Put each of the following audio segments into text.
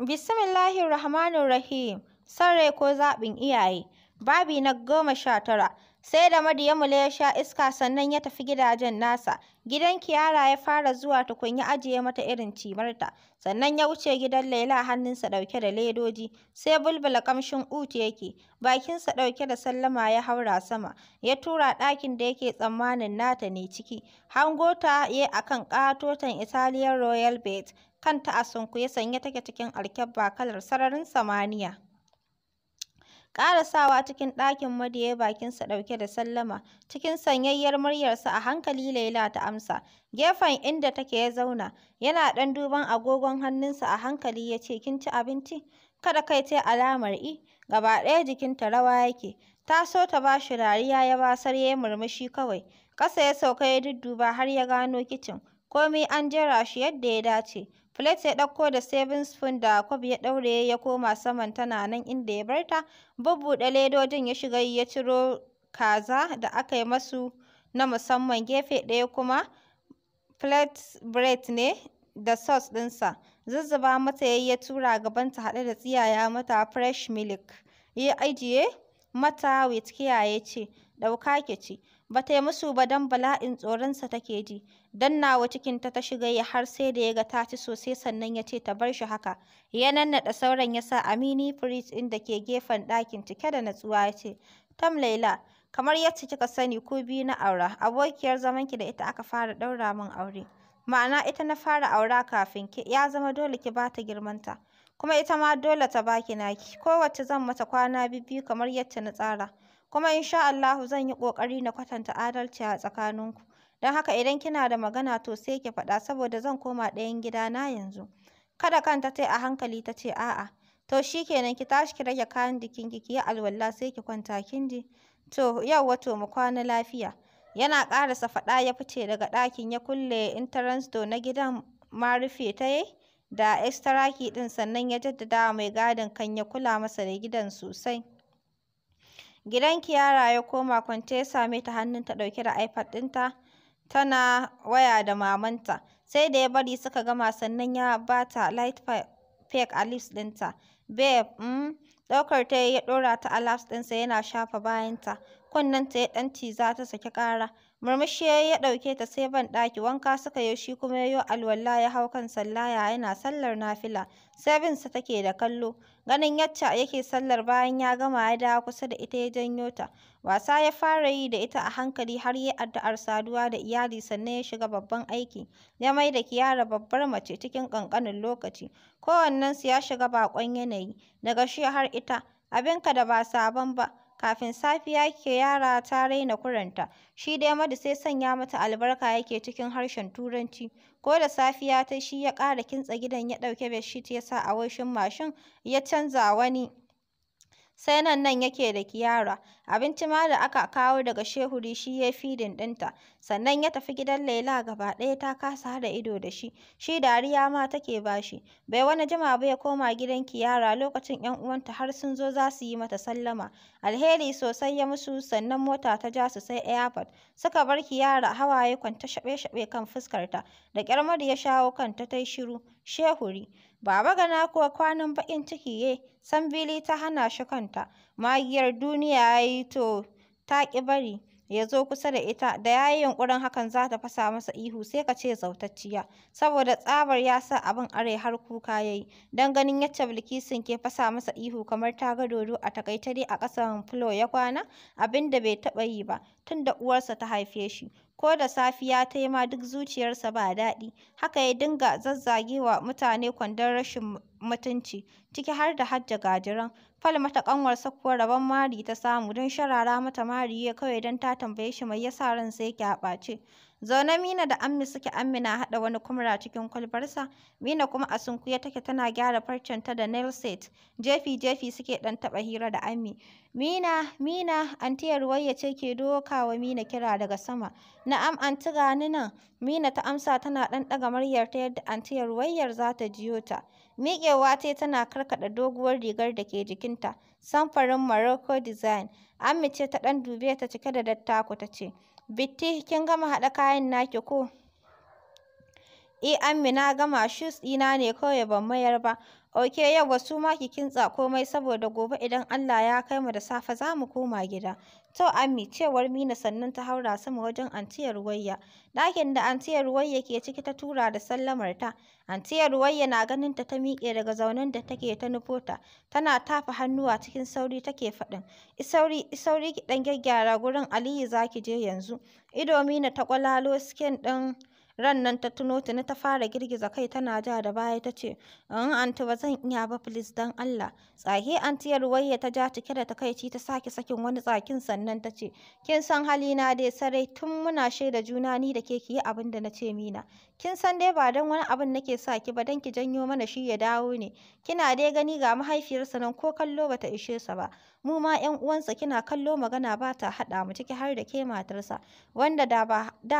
Bismillahir Rahmanir Rahim. Son ko zaɓin iyaye. Babi na goma sha tara. Sai da Madiyamule ya sha iska sannan ya tafi gidajen nasa. Gidan Kiyara ya fara zuwa tukun ya ajiye mata irin cimarta. Sannan ya wuce gidan Laila hannunsa ɗauke da ledoji. Sai bulbula kamshin uti yake. Bakinsa ɗauke da sallama ya haura sama. Ya tura ɗakin da yake tsammanin nata ne ciki. Hangota ya akan ƙatoton Italiyan Royal Bed kanta a sunkuye sanye take cikin alkyabba kalar sararin samaniya sawa cikin ɗakin madiye bakinsa ɗauke da sallama cikin sanyayyar muryarsa a hankali laila ta amsa gefen inda take ya zauna yana ɗan duban agogon hannunsa a hankali ya ce kin ci abinci kada kai ce alamar i gaba ɗaya jikinta rawa yake ta so ta ba shi dariya ya basar ya yi murmushi kawai ƙasa ya sauka ya dudduba har ya gano kicin komai an jera shi yadda ya dace. Flake ya ɗauko da saving spoon da kwab ya ɗaure ya koma saman tana nan inda ya barta ta, bubbuɗe ledojin ya shiga ya ciro kaza da aka yi masu na musamman gefe ɗaya kuma flat bread ne da sauce ɗinsa. Zuzzuba mata yi ya tura gabanta haɗe da tsiyaya mata fresh milk. Ya ajiye mata with care ya ce, ɗauka ki ci. ba ta yi musu ba don bala'in tsoronsa take ji nawa cikinta ta shiga ya har sai da ya ga ta ci sosai sannan ya ce ta bar shi haka ya nannaɗa sauran ya sa Amini firij ɗin da ke gefen ɗakin cike da natsuwa ya ce tam laila kamar yadda kika sani ko biyu na aura abokiyar zamanki da ita aka fara ɗaura min aure ma'ana ita na fara aura kafin ki ya zama dole ki ba ta girmanta kuma ita ma dole ta baki naki kowace zan mata kwana biyu kamar yadda na tsara kuma insha Allahu zan yi ƙoƙari na kwatanta adalci a tsakaninku. Don haka idan kina da magana to sai ki faɗa saboda zan koma ɗayan gida na yanzu. Kada kanta tai a hankali ta ce a'a. To shi kenan ki tashi ki rage kayan jikinki ki yi alwala sai ki kwanta kin ji. To yauwa to mu kwana lafiya. Yana ƙarasa faɗa ya fice daga ɗakin ya kulle entrance door na gidan ma rufe ta yi da extra key ɗin sannan ya jaddadawa mai gadin kan ya kula masa da gidan sosai. Gidan Kiyara ya koma kwantesa ya same ta hannunta ɗauke da iPad ɗinta tana waya da mamanta. Sai da ya bari suka gama sannan ya ba ta light pack a lips ɗinta. Babe, mm, ɗaukar ta ya ɗora ta a laps ɗinsa yana shafa bayanta. kunnen ta ya ɗan ciza ta saki ƙara. Murmushi ya ɗauke ta sai ban ɗaki wanka suka yi shi kuma ya yo alwala ya hau kan sallaya yana sallar nafila. Sai binsa take da kallo. Ganin yacca yake sallar bayan ya gama ya dawo kusa da ita ya janyo ta. Wasa ya fara yi da ita a hankali har ya addu'ar saduwa da iyali sannan ya shiga babban aiki. Ya mai da Kiyara babbar mace cikin ƙanƙanin lokaci. Kowannensu ya shiga bakon yanayi, daga shi har ita. Abinka da ba sabon ba. Kafin safiya ke yara ta raina kuranta, shi dai Madu sai sanya mata albarka yake cikin harshen Turanci. Ko da safiya ta shi ya ƙara kintsa gidan ya ɗauki bedsheet ya sa a washin mashin ya canza wani. sai nan nan yake da kiyara abinci ma da aka kawo daga shehuri shi ya fidin ɗinta sannan ya tafi gidan Laila gaba ɗaya ta kasa haɗa ido da shi, shi dariya ma take bashi. Bai wani jima ba ya koma gidan Kiyara lokacin ‘yan uwanta har sun zo za su yi mata sallama. Alheri sosai ya musu sannan mota ta ja su sai airport. Suka bar Kiyara hawaye kwanta shaɓe-shaɓe kan fuskarta, da ƙyar ya shawo kanta ta yi shiru, shehuri. Baba Gana kuwa kwanan baƙin ciki ye, Sambili ta hana shi kanta, magiyar duniya ya yi to ta ƙi bari. ya zo kusa da ita da ya yi yunƙurin hakan za ta fasa masa ihu sai ka ce zautacciya saboda tsabar ya sa abin are har kuka ya yi don ganin yacce bilkisin ke fasa masa ihu kamar ta ga dodo a takaice dai a ƙasan fulo ya kwana abin da bai taba yi ba tun da uwarsa ta haife shi ko da safiya ta yi ma duk zuciyarsa ba daɗi haka ya dinga zazzagewa mutane kwandon rashin mutunci ciki har da hajja gajiran Falma ta ƙanwar kuwa rabon mari ta samu don sharara mata mari ya kawai don ta tambaye shi mai yasa ransa yake a ɓace. Zaune Mina da Ammi suke amina haɗa wani kumra cikin kwalbarsa, Mina kuma a sunkuye take tana gyara farcenta da nail set. Jefi-jefi suke ɗan taɓa hira da Ammi. Mina, Mina, antiyar Ruwayya ce ke dokawa Mina kira daga sama. Na'am anti gani nan. Mina ta amsa tana ɗan ɗaga muryar ta yadda antiyar Ruwayyar za ta jiyo ta. Miƙewa ta tana karkaɗa doguwar rigar da ke jikinta, samfarin Morocco design. Ammi ce ta ɗan dube ta cike da dattako ta ce, Bitti, kin gama haɗa kayan naki ko? Eh, Ammi gama. Shoes ɗina ne kawai ban mayar ba. Oke, yauwa su ma ki kintsa komai saboda gobe idan Allah ya kai mu da safe za mu koma gida. To Ami, cewar Mina sannan ta haura sama wajen Antiyar Ruwayya. Ɗakin da Antiyar Ruwayya ke ciki ta tura da sallamar ta. Antiyar Ruwayya na ganin ta ta miƙe daga zaunen da take ta nufo ta. Tana tafa hannuwa cikin sauri take faɗin. Isauri, isauri ki ɗan gyaggyara gurin Aliyu za ki je yanzu. Ido Mina ta ƙwalalo siken ɗin Ran nan ta tuno tuni ta fara girgiza kai tana ja da baya ta ce, "In anti ba zan iya ba please don Allah." tsahi anti Ruwayya ta ja cike da takaici ta sake sakin wani tsakin sannan ta ce, "Kin san halina dai sarai tun muna shaida juna ni da ke ki yi abin da na ce mina. Kin san dai ba don wani abin nake sa ki ba don ki janyo mana shi ya dawo ne. Kina dai gani ga mahaifiyarsa nan ko kallo bata ishe sa ba. Mu ma 'yan uwansa kina kallo magana ba ta haɗa mu ciki har da ke matarsa. Wanda da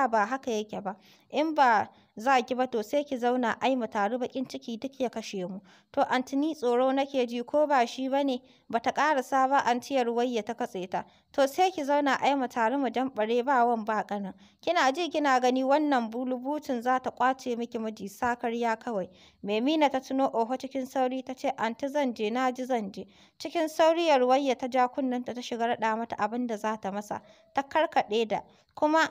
ba haka yake ba. In ba za ki ba to sai ki zauna ai mu taru bakin ciki duk ya kashe mu to antini tsoro nake ji ko ba shi bane bata karasa ba antiyar ya ta katse ta to sai ki zauna ai mu taru mu bare ba wan ba kana? kina ji kina gani wannan bulubutun za ta kwace miki miji sakarya kawai maimina ta tuno oho cikin sauri ta ce anti zan je na ji zan je cikin sauri yarwayya ta ja kunnenta ta shiga raɗa mata abin da za ta masa ta karkaɗe da kuma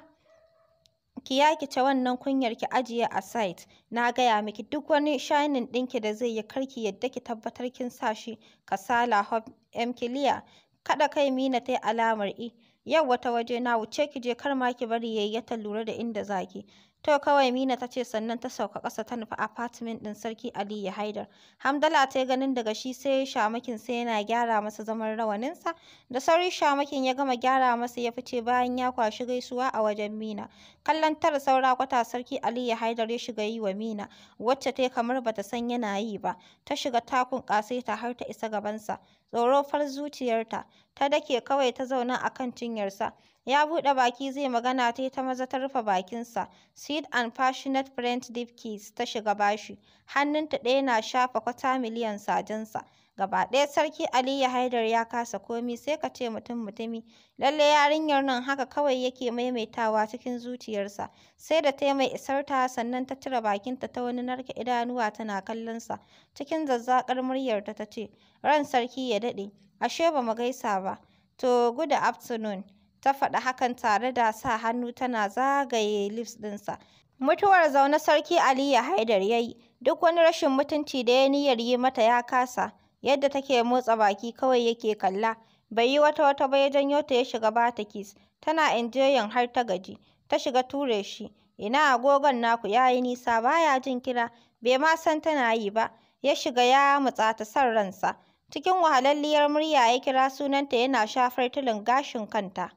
ki yakice wannan kunyar ki ajiye a site na gaya miki duk wani shining ɗinki da zai yi karki yadda ki tabbatar kin sa shi kasala hob mkilia kada kai mina tai alamar i e. yau wata waje na wuce ki je kar ma ki bari yayi ya lura da inda zaki To kawai Mina ta ce sannan ta sauka ƙasa ta nufi afatimin ɗin Sarki Aliyu Haidar. Hamdala ta yi ganin daga shi sai shamakin sai yana gyara masa zaman rawaninsa. Da sauri shamakin ya gama gyara masa ya fice bayan ya kwashi gaisuwa a wajen Mina. Kallon tara saura kwata Sarki Aliyu Haidar ya shiga yi wa Mina wacce ta yi kamar ba ta san yana yi ba. Ta shiga takun ta har ta isa gabansa. Tsoro far zuciyarta ta dake kawai ta zauna a kan cinyarsa. Ya buɗe baki zai magana ta ta maza ta rufe bakinsa. Sweet and passionate friend deep kiss ta shiga bashi. Hannunta ɗaya na shafa kwata miliyan sajinsa. Gaba ɗaya sarki Aliyu Haidar ya kasa komi sai ka ce mutum mutumi. Lalle yarinyar nan haka kawai yake maimaitawa cikin zuciyarsa. Sai da ta mai isar ta sannan ta cire bakinta ta wani narka idanuwa tana kallonsa. Cikin zazzakar muryarta ta ce, ran sarki ya daɗe, ashe ba mu gaisa ba. To good afternoon. ta faɗi hakan tare da sa hannu tana zagaye lips ɗinsa. Mutuwar zaune sarki Aliyu Haidar ya yi, duk wani rashin mutunci da ya niyyar yi mata ya kasa, yadda take motsa baki kawai yake kalla, bai yi wata wata ba ya janyo ta ya shiga bata kis, tana injiyan har ta gaji, ta shiga ture shi, ina agogon naku ya yi nisa baya jin kira, bai ma san tana yi ba, ya shiga ya mutsa ta san ransa, cikin wahalalliyar murya ya kira sunanta yana shafar tulin gashin kanta.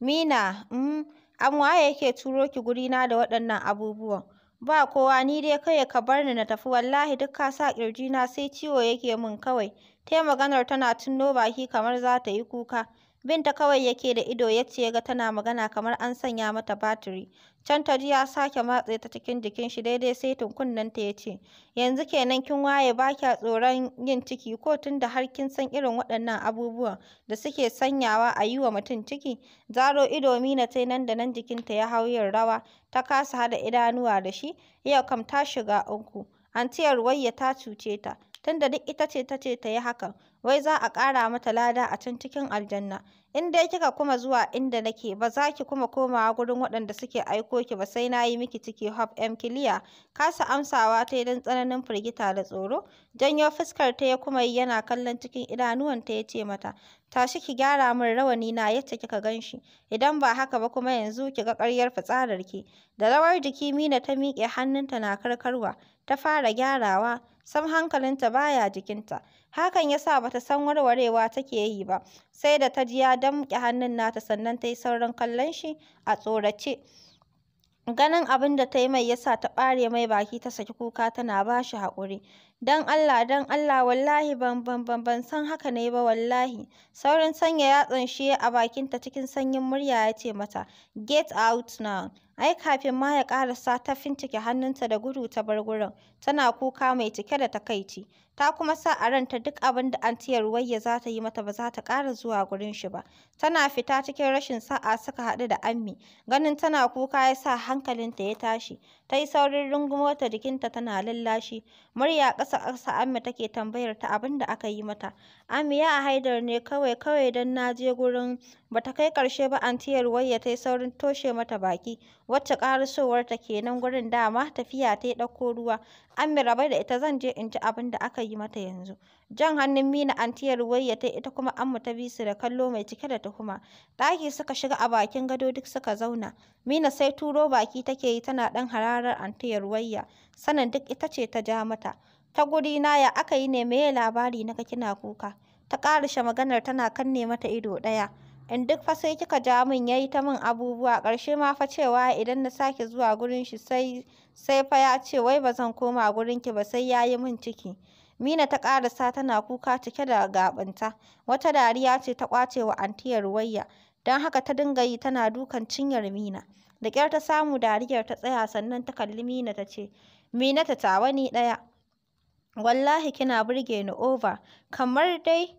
mina um, mm, am yake turo ki gurina da waɗannan abubuwan? Ba kowa ni dai kawai ka bar ni na tafi wallahi duk ka sa ƙirjina sai ciwo yake min kawai. Ta maganar tana tunno baki kamar za ta yi kuka. Binta kawai yake da ido ya ce ya ga tana magana kamar an sanya mata batiri. Can ta ji ya sake matse ta cikin jikin shi daidai sai tunkunnenta ya ce, Yanzu kenan kin waye ba kya tsoron yin ciki ko tun da har kin san irin waɗannan abubuwan da suke sanyawa a yi wa mutum ciki. Zaro ido Mina ta nan da nan jikinta ya hau yin rawa, ta kasa haɗa idanuwa da shi, yau kam ta shiga uku. Antiyar wayya ta cuce ta, tunda duk ita ce ta ce ta yi hakan. wai za a ƙara mata lada a can cikin aljanna in dai kika kuma zuwa inda nake ba za ki kuma komawa gurin waɗanda suke aiko ki ba sai na yi miki ciki hop m kiliya kasa amsawa ta ɗan tsananin firgita da tsoro janyo fuskar ta ya kuma yi yana kallon cikin idanuwanta ya ce mata tashi ki gyara min rawani na yadda kika gan shi idan ba haka ba kuma yanzu ki ga ƙaryar fitsarar ki da rawar jiki mina ta miƙe hannunta na karkarwa ta fara gyarawa, sam hankalinta baya jikinta. Hakan ya sa ba san warwarewa take yi ba, sai da ta ji ya damƙe hannun nata sannan ta yi saurin kallon shi a tsorace. Ganin abin da ta yi mai yasa ta ɓare mai baki ta saki kuka tana ba shi haƙuri. Don Allah, dan Allah, wallahi ban ban ban ban san haka ne ba wallahi. Saurin sanya yatsan shi a bakinta cikin sanyin murya ya ce mata, Get out now. Ai kafin ma ya ƙarasa ta fincike hannunta da gudu ta bar gurin, tana kuka mai cike da takaici. Ta kuma sa a ranta duk abin da antiyar Ruwayya za ta yi mata ba za ta ƙara zuwa gurin shi ba. Tana fita cikin rashin sa'a suka haɗu da Ammi, ganin tana kuka ya sa hankalinta ya tashi. Ta yi saurin rungumo ta jikinta tana lallashi. Murya ƙasa-ƙasa Ammi take tambayar ta abin da aka yi mata. amiya a haidar ne kawai kawai don na je gurin ba ta kai ƙarshe ba anti Ruwayya ta yi saurin toshe mata baki wacce ƙarasowarta kenan gurin dama tafiya ta yi ɗauko ruwa. mi rabai da ita zan je in ji abin da aka yi mata yanzu. Jan hannun Mina anti Ruwayya ta ita kuma Ammu ta bi su da kallo mai cike da tuhuma. Ɗaki suka shiga a bakin gado duk suka zauna. Mina sai turo baki take yi tana ɗan hararar anti waya. sanin duk ita ce ta ja mata. Ta gurina ya aka yi ne meye labari naka kina kuka. Ta shi maganar tana kanne mata ido ɗaya. In duk fa sai kika ja min yayi ta min abubuwa karshe ma fa cewa idan na sake zuwa gurin shi sai sai fa ya ce wai bazan koma gurin ki ba sai yayi min ciki. Mina ta karasa tana kuka cike da gabanta Wata dariya ce ta kwace wa antiyar Ruwayya. Don haka ta dinga yi tana dukan cinyar Mina. Da kyar ta samu dariyar ta tsaya sannan ta kalli Mina ta ce, Mina ta tawa ni ɗaya. Wallahi kina burge ni over, kamar dai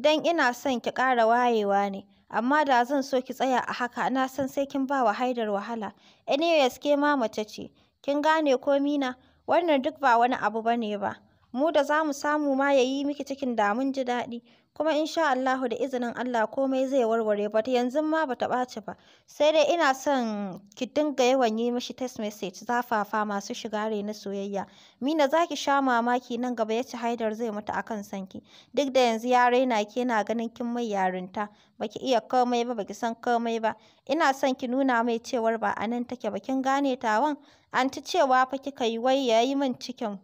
dan ina son ki ƙara wayewa ne, amma da zan so ki tsaya a haka na san sai kin ba wa Haidar wahala. Anyways ke ma mace ce, kin gane ko Mina? Wannan duk ba wani abu ba ba. mu da za mu samu ma ya yi miki cikin damun ji daɗi. Kuma insha Allahu da izinin Allah komai zai warware ba ta yanzu ma ba ta ɓaci ba. Sai dai ina son ki dinga yawan yi mishi text message zafafa masu shiga na soyayya. Mina za ki sha mamaki nan gaba ya ci haidar zai mutu a akan sanki. Duk da yanzu ya raina ki yana ganin kin mai yarinta. ba ki iya komai ba ba ki san komai ba. Ina son ki nuna mai cewar ba a nan take ba kin gane tawan. An ci cewa fa kika yi wai ya yi min cikin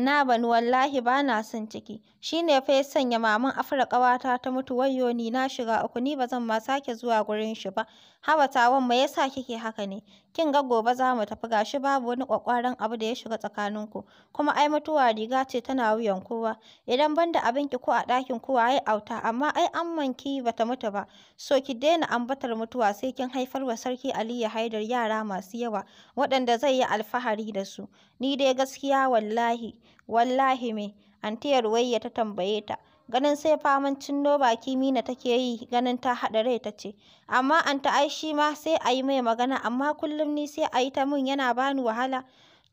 Na bani wallahi bana son ciki. Shi ne fa ya sanya Maman Afra ƙawata ta mutu wayo ni na shiga uku ni ba zan ma sake zuwa gurin shi ba. Haba tawon yasa kike haka ne? Kin ga gobe za mu tafi gashi babu wani ƙwaƙwaran abu da ya shiga tsakaninku. Kuma ai mutuwa riga ce tana wuyan kowa. Idan ban da ki ko a ɗakin ku waye auta amma ai ba ta mutu ba. So ki daina ambatar mutuwa sai kin haifar wa sarki Aliyu Haidar yara masu yawa waɗanda zai yi alfahari da su. Ni dai gaskiya wallahi wallahi me Antiya Ruwayya ta tambaye ta. Ganin sai faman cinno baki Mina take yi, ganin ta haɗa rai ta ce, Amma anta ai shi ma sai a yi mai magana, amma kullum ni sai a yi ta mun yana bani wahala.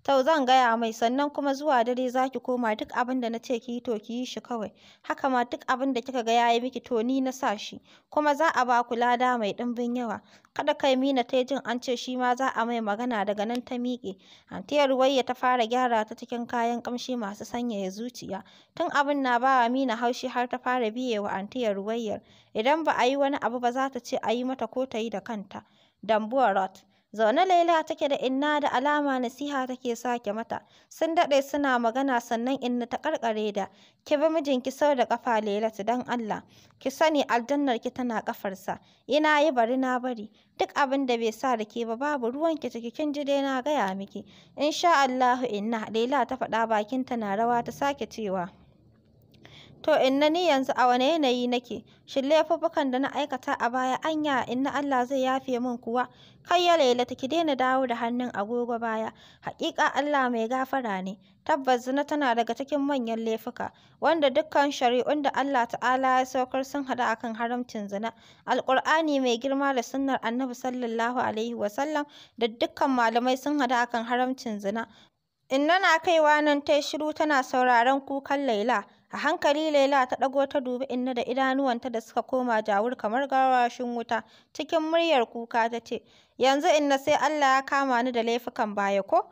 To zan gaya mai sannan kuma zuwa dare za ki koma duk abin da na ce ki yi to ki yi shi kawai. Haka ma duk abin da kika ga ya yi miki to ni na sa shi. Kuma za a ba ku lada mai ɗimbin yawa. Kada kai Mina ta jin an ce shi ma za a mai magana daga nan ta miƙe. Antiyar Ruwayya ta fara gyara ta cikin kayan ƙamshi masu sanyaya zuciya. Tun abin na ba wa Mina haushi har ta fara biye wa Antiyar Ruwayyar. Idan ba a yi wani abu ba za ta ce a yi mata ko ta yi da kanta. Dambuwa Rot. Zaune Laila take da Inna da alama nasiha take sake mata. Sun daɗe suna magana sannan Inna ta karkare da ki bi mijinki sau da kafa Lailatu don Allah. Ki sani aljannar ki tana ƙafarsa. Ina yi bari na bari. Duk abin da bai sa da ke ba babu ruwan ki ciki kin ji dai na gaya miki. Insha Allahu Inna Laila ta faɗa bakinta na rawa ta sake cewa. To inna ni yanzu a wane yanayi nake? Shin laifuffukan da na aikata a baya anya inna Allah zai yafe min kuwa? Kai ya Lailatu ki daina dawo da hannun agogo baya. Haƙiƙa Allah mai gafara ne. Tabbas zina tana daga cikin manyan laifuka, wanda dukkan shari'un da Allah Ta'ala ya saukar sun haɗu akan haramcin zina. Alƙur'ani mai girma da sunnar Annabi sallallahu alaihi wasallam da dukkan malamai sun haɗu akan haramcin zina. Inna na kaiwa nan tai shiru tana sauraron kukan Laila. A hankali Laila ta ɗago ta dubi Inna da idanuwanta da suka koma jawur kamar garwashin wuta. Cikin muryar kuka ta ce, Yanzu Inna sai Allah ya kama ni da laifukan baya ko?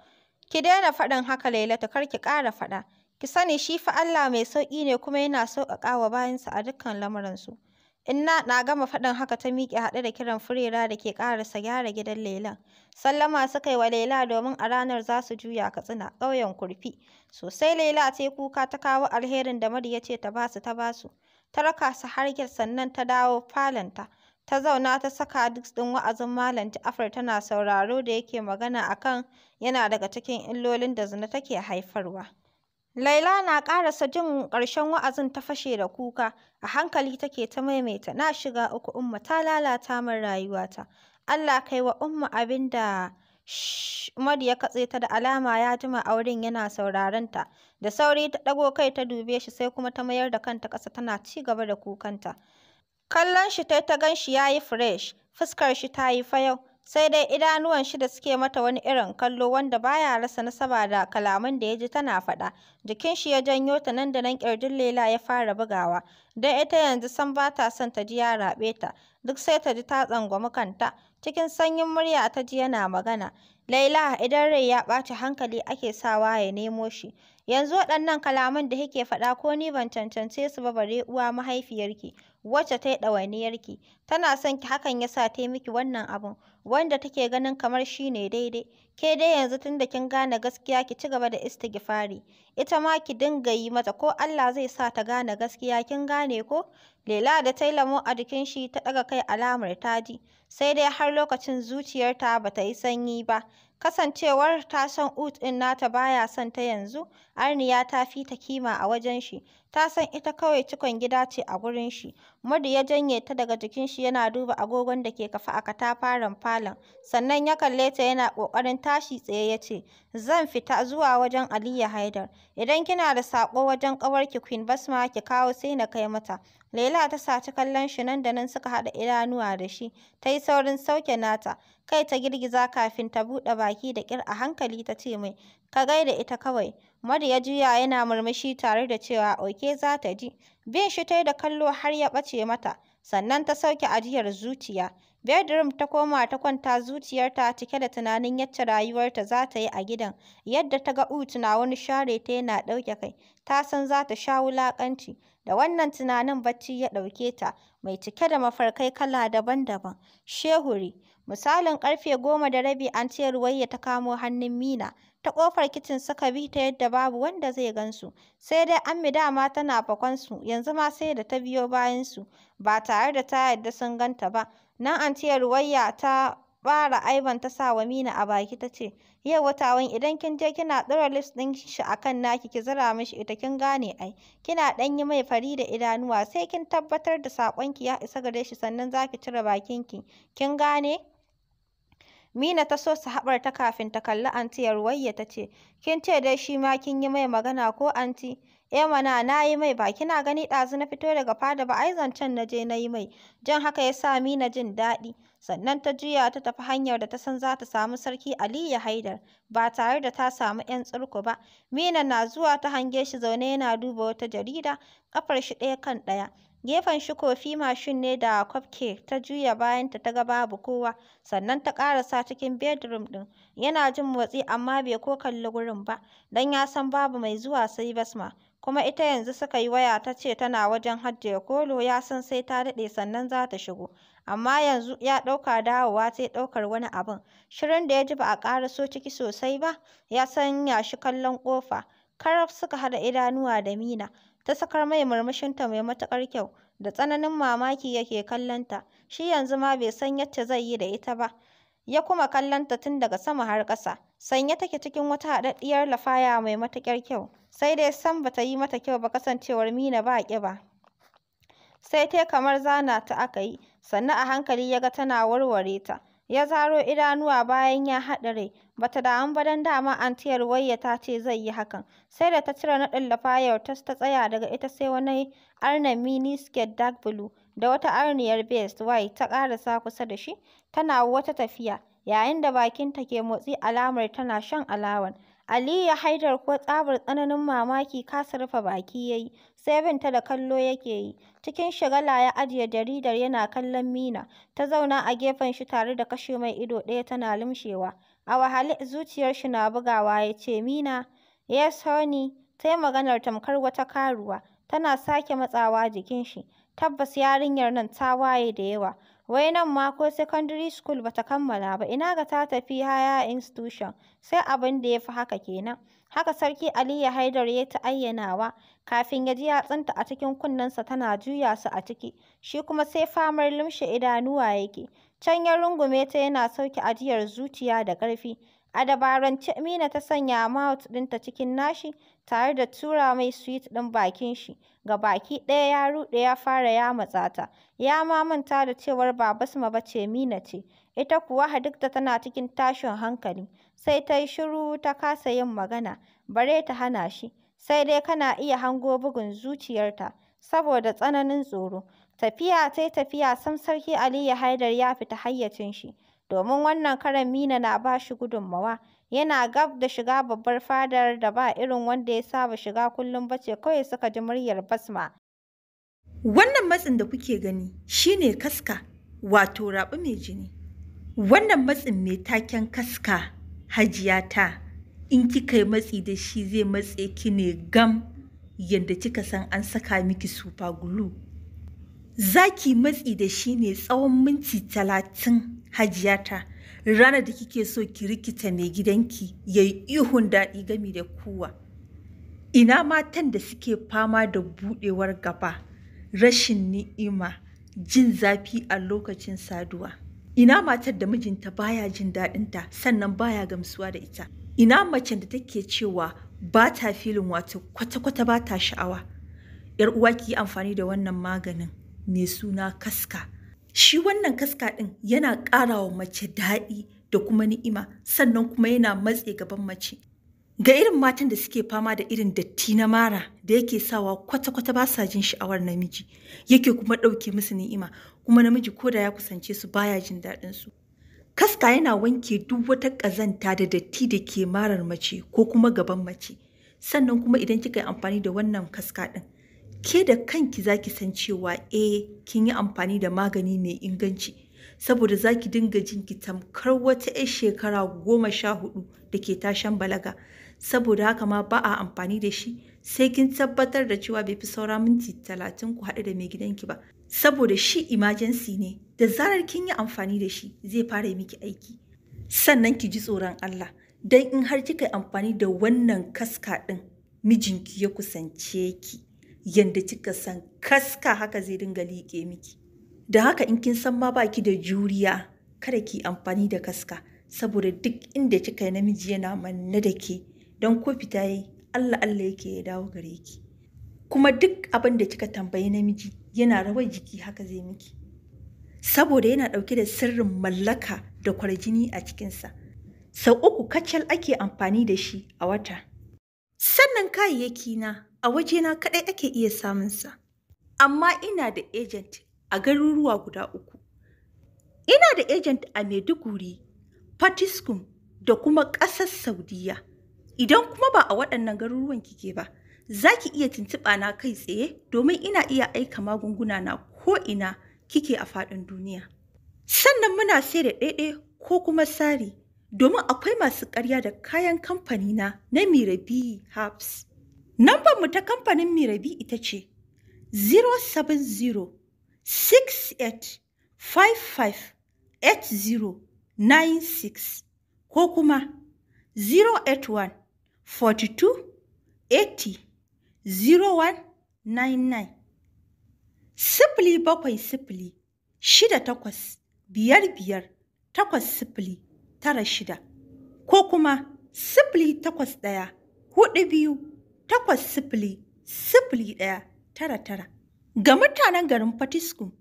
Ki daina faɗin haka ta kar ki ƙara faɗa. Ki sani shi fa Allah mai sauƙi ne kuma yana sauƙaƙa wa bayinsa a dukkan lamuransu. Inna na gama faɗin haka ta miƙe haɗe da kiran Furera da ke ƙarasa gyara gidan Lailan. Sallama suka yi wa Laila domin a ranar za su juya Katsina ƙauyen Kurfi. Sosai Laila ta yi kuka ta kawo alherin da Mari ya ce ta basu ta basu. Ta raka su har sannan ta dawo falonta. ta zauna ta saka duk ɗin wa'azin Malam afar tana sauraro da yake magana akan yana daga cikin illolin da zina take haifarwa. Laila na karasa jin karshen wa'azin ta fashe da kuka, a hankali take ta maimaita, na shiga uku Umma ta lalata min rayuwata, Allah kai wa Umma abin da Umar ya katse ta da alama ya jima a wurin yana sauraron ta. Da sauri ta ɗago kai ta dube shi sai kuma ta mayar da kanta ƙasa tana ci gaba da kukanta. Kallon shi tai ta ganshi shi ya yi fresh, fuskar shi ta yi fayau, sai dai idanuwan shi da suke mata wani irin kallo wanda baya rasa nasaba da kalaman da ya ji tana faɗa. Jikin shi ya janyo ta nan da nan ƙirjin Laila ya fara bugawa, don ita yanzu san ba ta son ta ji ya raɓe ta, duk sai ta ji ta tsangwami kanta. Cikin sanyin murya ta ji yana magana, Laila idan rai ya ɓaci hankali ake sawa ya nemo shi. Yanzu waɗannan kalaman da yake faɗa ko ni ban cancance su ba bare uwa mahaifiyarki. wacce ta yi ɗawainiyarki tana son ki hakan ya sa ta yi miki wannan abun wanda take ganin kamar shi ne daidai ke dai yanzu tun da kin gane gaskiya ki ci gaba da istighfari ita ma ki dinga yi mata ko Allah zai sa ta gane gaskiya kin gane ko Lela da ta yi lamo a jikin shi ta ɗaga kai alamar ta ji, sai dai har lokacin zuciyarta ba ta yi sanyi ba. Kasancewar ta san Ut ɗin nata ba ya son ta yanzu, Arniya ta fita kima a wajen shi, ta san ita kawai cikon gida ce a gurin shi. mudu ya janye ta daga jikin shi yana duba agogon da ke kafa a katafaren falon, sannan ya kalle ta yana ƙoƙarin tashi tsaye ya ce, Zan fita zuwa wajen Aliyu Haidar, idan kina da saƙo wajen ƙawarki Queen Basma ki kawo sai na kai mata. Laila ta saci kallon shi nan da nan suka haɗa idanuwa da shi, ta yi saurin sauke nata, kai ta girgiza kafin ta buɗe baki da ƙyar a hankali ta ce mai, ka gaida ita kawai. Madu ya juya yana murmushi tare da cewa oke za ta ji, bin shi ta yi da kallo har ya ɓace mata, sannan ta sauke ajiyar zuciya. Bedroom ta koma ta kwanta zuciyarta cike da tunanin yadda rayuwarta za ta yi a gidan, yadda ta ga Ut na wani share ta yana ɗauke kai, ta san za ta sha wulaƙanci. Da wannan tunanin bacci ya ɗauke ta, mai cike da mafarkai kala daban-daban. Shehuri, misalin karfe goma da rabi anti Ruwayya ta kamo hannun Mina, ta ƙofar kicin suka bi ta yadda babu wanda zai gansu, sai dai Ammi dama tana fakonsu, yanzu ma sai da ta biyo bayansu, ba tare da ta yarda sun ganta ba. Nan ciyar Ruwayya ta bara Ivan ta sa wa Mina a baki ta ce, Yau wani, idan kin je kina ɗora lips ɗin shi akan naki ki zura mishi ita kin gane ai. Kina ɗan yi mai fari da idanuwa sai kin tabbatar da saƙonki ya isa gare shi sannan za ki cire ki Kin gane? Mina ta so su haɓar ta kafin ta kalli anti Yarwayya ta ce, Kin ce dai shi ma kin yi mai magana ko anti? e mana na yi mai ba kina gani ɗazu na fito daga fada ba ai zancen na je na yi mai. Jan haka ya sa Mina jin daɗi. Sannan ta juya ta tafi hanyar da ta san za ta samu sarki Aliyu Haidar ba tare da ta samu ‘yan tsurku ba. Mina na zuwa ta hange shi zaune yana duba wata jarida, ƙafar shi ɗaya kan ɗaya. Gefen shi kofi mashin ne da Cupcake ta juya bayanta ta ga babu kowa, sannan ta ƙarasa cikin bedroom ɗin. Yana jin motsi amma bai ko kalli gurin ba, Dan ya san babu mai zuwa sai Basma. Kuma ita yanzu suka yi waya ta ce tana wajen Hajjiya Kolo ya san sai ta daɗe sannan za ta shigo. Amma yanzu ya ɗauka dawowa sai ɗaukar wani abin. Shirin da ya ji ba a ƙaraso ciki sosai ba, ya sanya shi kallon ƙofa. Karaf suka haɗa idanuwa da Mina. ta sakar mai murmushinta mai matuƙar kyau da tsananin mamaki yake kallonta shi yanzu ma bai san yadda zai yi da ita ba ya kuma kallonta tun daga sama har ƙasa sanye take cikin wata haɗaɗɗiyar lafaya mai matuƙar kyau sai dai sam ta yi mata kyau ba kasancewar mina ba ƙiba sai tai kamar zana ta aka yi sannan a hankali ya ga tana warware ta Ya zaro idanuwa bayan ya haɗa rai. Ba ta damu ba don dama antiyar wayya ta ce zai yi hakan. Sai da ta cire naɗin lafayar ta ta tsaya daga ita sai wani arna mini skirt dark blue da wata arniyar best white ta ƙarasa kusa da shi. Tana wata tafiya yayin da bakinta ke motsi alamar tana shan alawar. Aliyu Haidar ko tsabar tsananin mamaki kasa rufe baki ya yi, sai bin da kallo yake yi. Cikin shagala ya ajiye jaridar yana kallon Mina, ta zauna a gefen shi tare da kashe mai ido ɗaya tana lumshewa. A wahale zuciyar shi na bugawa ya ce, Mina, yes honey, Sai maganar tamkar wata karuwa, tana sake matsawa jikin shi. Tabbas yarinyar nan ta waye da yawa. Wai nan ma ko secondary school bata kammala ba, ina ga ta tafi haya institution, sai abin da ya fi haka kenan. Haka Sarki Aliyu Haidar ya ta ayyanawa, kafin ya ji yatsunta a cikin kunnensa tana juya su a ciki, shi kuma sai famar lumshe idanuwa yake. Can ya rungume ta yana sauke ajiyar zuciya da ƙarfi. A dabarance Amina ta sanya mouth ɗinta cikin nashi tare da tura mai sweet ɗin bakin shi, ga baki ɗaya ya ruɗe ya fara ya matsata ya ma manta da cewar ba Basma ba ce Amina ce, ita kuwa Hadiza tana cikin tashin hankali, sai ta yi shiru ta kasa yin magana, bare ta hana shi, sai dai kana iya hango bugun zuciyarta saboda tsananin tsoro. Tafiya ta tafiya sam Sarki Aliyu Haidar ya fita hayyacin shi. domin wannan karan Mina na ba shi gudunmawa. Yana gab da shiga babbar fadar da ba irin wanda ya saba shiga kullum ba ce kawai suka ji muryar basma. Wannan matsin da kuke gani shi ne kaska, wato raɓi mai jini. Wannan matsin mai taken kaska, hajiya ta, in kika yi matsi da shi zai matse ki ne gam yadda kika san an saka miki super glue. Za matsi da shi ne tsawon minti talatin. hajiyata ranar da kike so ki rikita mai gidanki ya yi ihun daɗi gami da kuwa ina matan da suke fama da buɗewar gaba rashin ni'ima jin zafi a lokacin saduwa ina matar da mijinta baya jin daɗinta sannan baya gamsuwa da ita ina mace da take cewa ba ta filin wato kwata-kwata ba ta sha'awa 'yar uwa ki amfani da wannan maganin mai suna kaska shi wannan kaska ɗin yana ƙara wa mace daɗi da kuma ni'ima sannan kuma yana matse gaban mace ga irin matan da suke fama da irin datti na mara da yake sawa kwata-kwata ba sa jin sha'awar namiji yake kuma ɗauke musu ni'ima kuma namiji ko da ya kusance su baya jin daɗin su kaska yana wanke duk wata ƙazanta da datti da ke marar mace ko kuma gaban mace sannan kuma idan kika yi amfani da wannan kaska ɗin ke da kanki za ki san cewa eh kin yi amfani da magani mai inganci saboda za ki dinga jin tamkar wata 'yar shekara goma sha hudu da ke tashan balaga saboda haka ma ba a amfani da shi sai kin tabbatar da cewa bai fi saura minti talatin ku haɗu da mai gidanki ba saboda shi imajensi ne da zarar kin yi amfani da shi zai fara miki aiki sannan ki ji tsoron Allah don in har kika amfani da wannan kaska ɗin mijinki ya kusance ki yanda kika san kaska haka zai dinga liƙe miki da haka in kin san ma baki da juriya kada ki amfani da kaska saboda duk inda kika yi namiji yana manne da ke don ko fita yi Allah Allah yake ya dawo gare ki kuma duk abin da kika tambayi namiji yana rawar jiki haka zai miki saboda yana ɗauke da sirrin mallaka da kwarjini a cikinsa sau uku kacal ake amfani da shi a wata Sannan kayayyaki na a waje na kaɗai ake iya samun sa. Amma ina da agent a garuruwa guda uku. Ina da agent a Maiduguri, Patiskum da kuma ƙasar Saudiya. Idan kuma ba a waɗannan garuruwan kike ba, za ki iya tuntuɓa na kai tsaye domin ina iya aika magunguna na ko ina kike a faɗin duniya. Sannan muna sai da ɗaiɗai ko kuma sari. domin akwai masu ƙarya da kayan kamfanina na Mirabi Herbs. Nambar mu ta kamfanin Mirabi ita ce 070 68 55 96 ko kuma 081 42 80 0199 sifili bakwai sifili shida takwas biyar biyar takwas sifili tara shida ko kuma sifili takwas ɗaya hudu biyu takwas sifili sifili ɗaya tara tara. Ga mutanen garin Fatiskum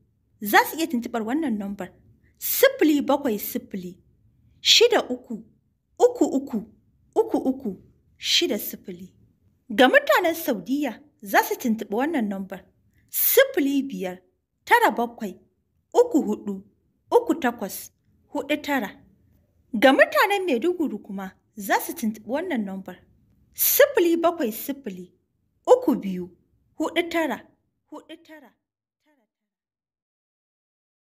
za su iya tuntuɓar wannan nambar sifili bakwai sifili shida uku uku uku uku uku shida sifili. Ga mutanen Saudiya za su tuntubi wannan nambar sifili biyar tara bakwai uku hudu uku takwas hudu tara. Ga mutanen Maiduguri kuma za su tuntuɓi wannan nombar sifili bakwai sifili uku biyu huɗu tara huɗu tara.